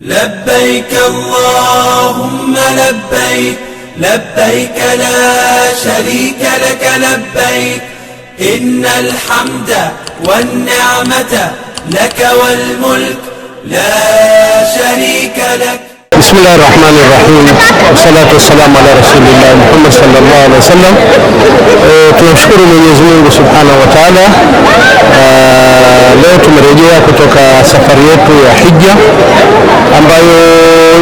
لبيك اللهم لبيك لبيك لا شريك لك لبيك إن الحمد والنعمة لك والملك لا شريك لك بسم الله الرحمن الرحيم والصلاة والسلام على رسول الله محمد صلى الله عليه وسلم tunamshukuru آه، من يزمين سبحانه وتعالى Ta'ala. Leo tumerejea kutoka safari yetu ya hija ambayo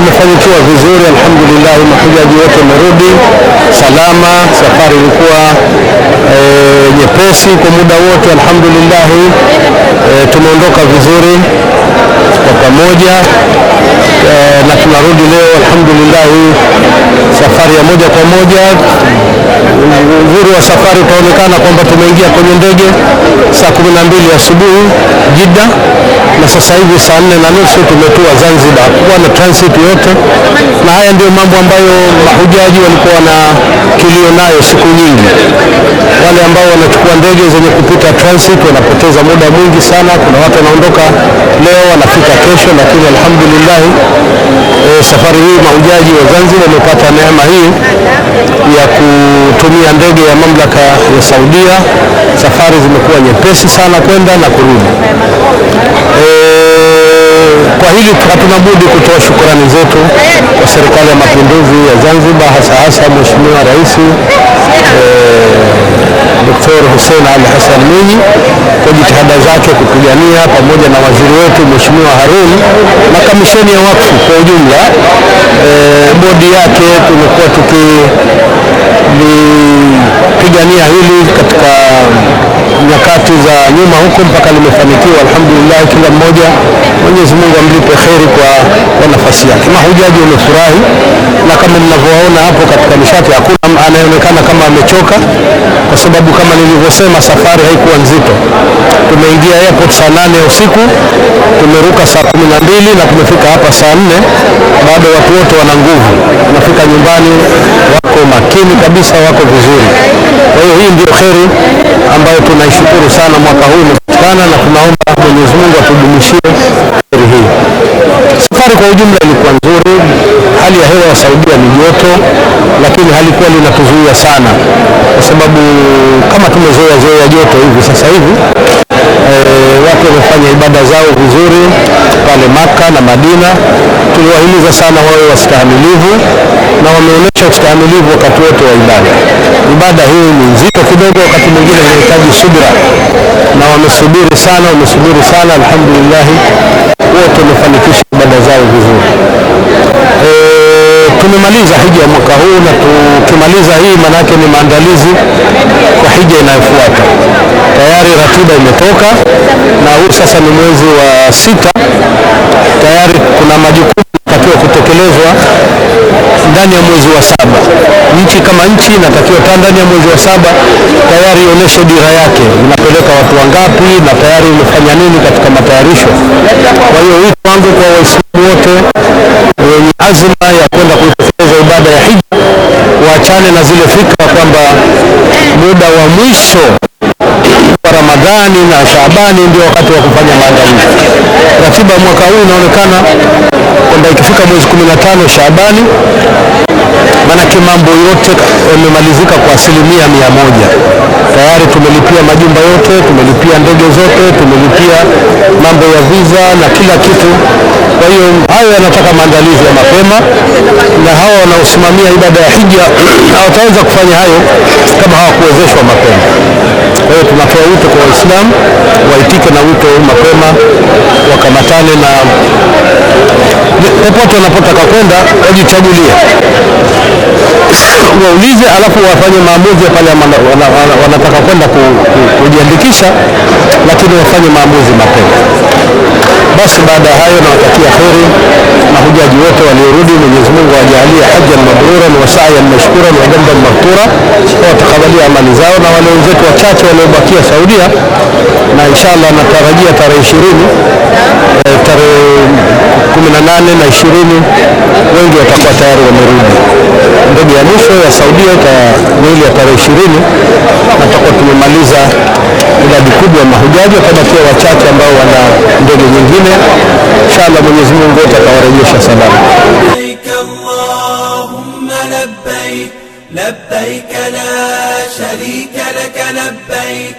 imefanikiwa vizuri alhamdulillah, mahujaji wote wamerudi salama. Safari ilikuwa e, nyepesi kwa muda wote alhamdulillah. E, tumeondoka vizuri kwa pamoja e, na tunarudi leo alhamdulillah, safari ya moja kwa moja. Uzuri wa safari utaonekana kwamba tumeingia kwenye ndege saa kumi na mbili asubuhi Jidda na sasa hivi saa nne na nusu tumetua Zanzibar, kuwa na transit yote, na haya ndio mambo ambayo mahujaji walikuwa na kilio nayo siku nyingi. Wale ambao wanachukua ndege zenye kupita transit wanapoteza muda mwingi sana. Kuna watu wanaondoka leo wanafika kesho, lakini alhamdulillah e, safari hii mahujaji wa Zanzibar wamepata neema hii ya kutumia ndege ya mamlaka ya Saudia. Safari zimekuwa nyepesi sana kwenda na kurudi. Hatuna budi kutoa shukrani zetu kwa Serikali ya Mapinduzi ya Zanzibar, hasa hasa Mheshimiwa Rais eh, Dr. Hussein Ali Hassan Mwinyi kwa jitihada zake kupigania pamoja na waziri wetu Mheshimiwa Harun na kamisheni ya wakfu kwa ujumla, e, bodi yake tumekuwa tukilipigania hili katika nyakati za nyuma huko mpaka limefanikiwa, alhamdulillah. Kila mmoja Mwenyezi Mungu amlipe kheri kwa, kwa nafasi yake. Mahujaji wamefurahi na kama mnavyoona hapo katika nishati, hakuna anayeonekana kama amechoka, kwa sababu kama nilivyosema, safari haikuwa nzito. Tumeingia airport saa nane ya usiku, tumeruka saa kumi na mbili na tumefika hapa saa nne. Bado watu wote wana nguvu, wanafika nyumbani, wako makini kabisa, wako vizuri. Kwa hiyo hii ndio kheri ambayo tunaishukuru sana, mwaka huu umepatikana, na tunaomba Mwenyezi Mungu atudumishie kheri hii. Safari kwa ujumla ilikuwa nzuri, hali ya hewa ya Saudia joto, lakini halikuwa linatuzuia sana, kwa sababu kama tumezoea zoea joto hivi sasa hivi e, watu wamefanya ibada zao vizuri pale Maka na Madina. Tuliwahimiza sana wawe wastahamilivu na wameonyesha ustahamilivu wakati wote wa ibada. Ibada hii ni nzito kidogo, wakati mwingine inahitaji subira, na wamesubiri sana, wamesubiri sana. Alhamdulillah, wote wamefanikisha ibada zao vizuri tumemaliza hija mwaka huu na tukimaliza hii manake ni maandalizi kwa hija inayofuata. Tayari ratiba imetoka na huu sasa ni mwezi wa sita, tayari kuna majukumu yanatakiwa kutekelezwa ndani ya mwezi wa saba. Nchi kama nchi inatakiwa ndani ya mwezi wa saba tayari ionyeshe dira yake, inapeleka watu wangapi na tayari imefanya nini katika matayarisho. Kwa hiyo wito wangu kwa Waislamu wote tuachane na zile fikra kwamba muda wa mwisho wa Ramadhani na Shaabani ndio wakati wa kufanya maandalizi. Ratiba mwaka huu inaonekana kwamba ikifika mwezi 15 Shaabani, maanake mambo yote yamemalizika kwa asilimia mia moja tayari tumelipia majumba yote, tumelipia ndege zote, tumelipia mambo ya visa na kila kitu. Kwa hiyo hayo yanataka maandalizi ya mapema, na hawa wanaosimamia ibada ya hija hawataweza kufanya hayo kama hawakuwezeshwa mapema. Kwa hiyo tunatoa wito kwa Waislamu waitike na wito mapema, wakamatane na popote wanapotaka kwenda wajichagulie waulize, alafu wafanye maamuzi pale wanataka kwenda kujiandikisha, lakini wafanye maamuzi mapema. Basi baada ya hayo, nawatakia heri mahujaji wote waliorudi. Mwenyezi Mungu awajalie hajjan mabruran wa sa'yan mashkuran wa jamban maghfura, watakabalia amali zao, na wale wenzetu wachache waliobakia Saudia, na inshallah natarajia tarehe ishirini eh, tarehe 18 na 20 wengi watakuwa tayari wamerudi. Ndege ya mwisho ya Saudia ni ile ya tarehe 20 na tutakuwa tumemaliza idadi kubwa ya mahujaji, kama pia wachache ambao wana ndege nyingine. Inshallah Mwenyezi Mungu wote atawarejesha salama. la